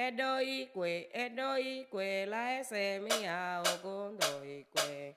quê, kwe edoi quê, e la ese mi ao con doi kwe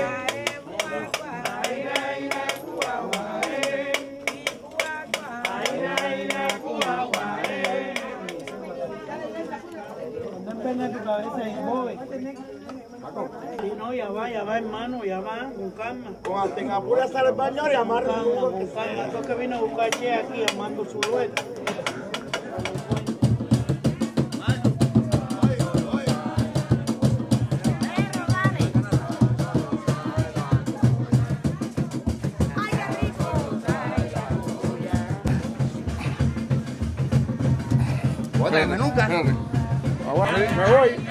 Sí, no, ya va, ya va, hermano, ya va, con calma. Con a apura sale el baño y amarra. Con calma, esto que vino a buscar che aquí, amando su rueda. me nunca. Me voy.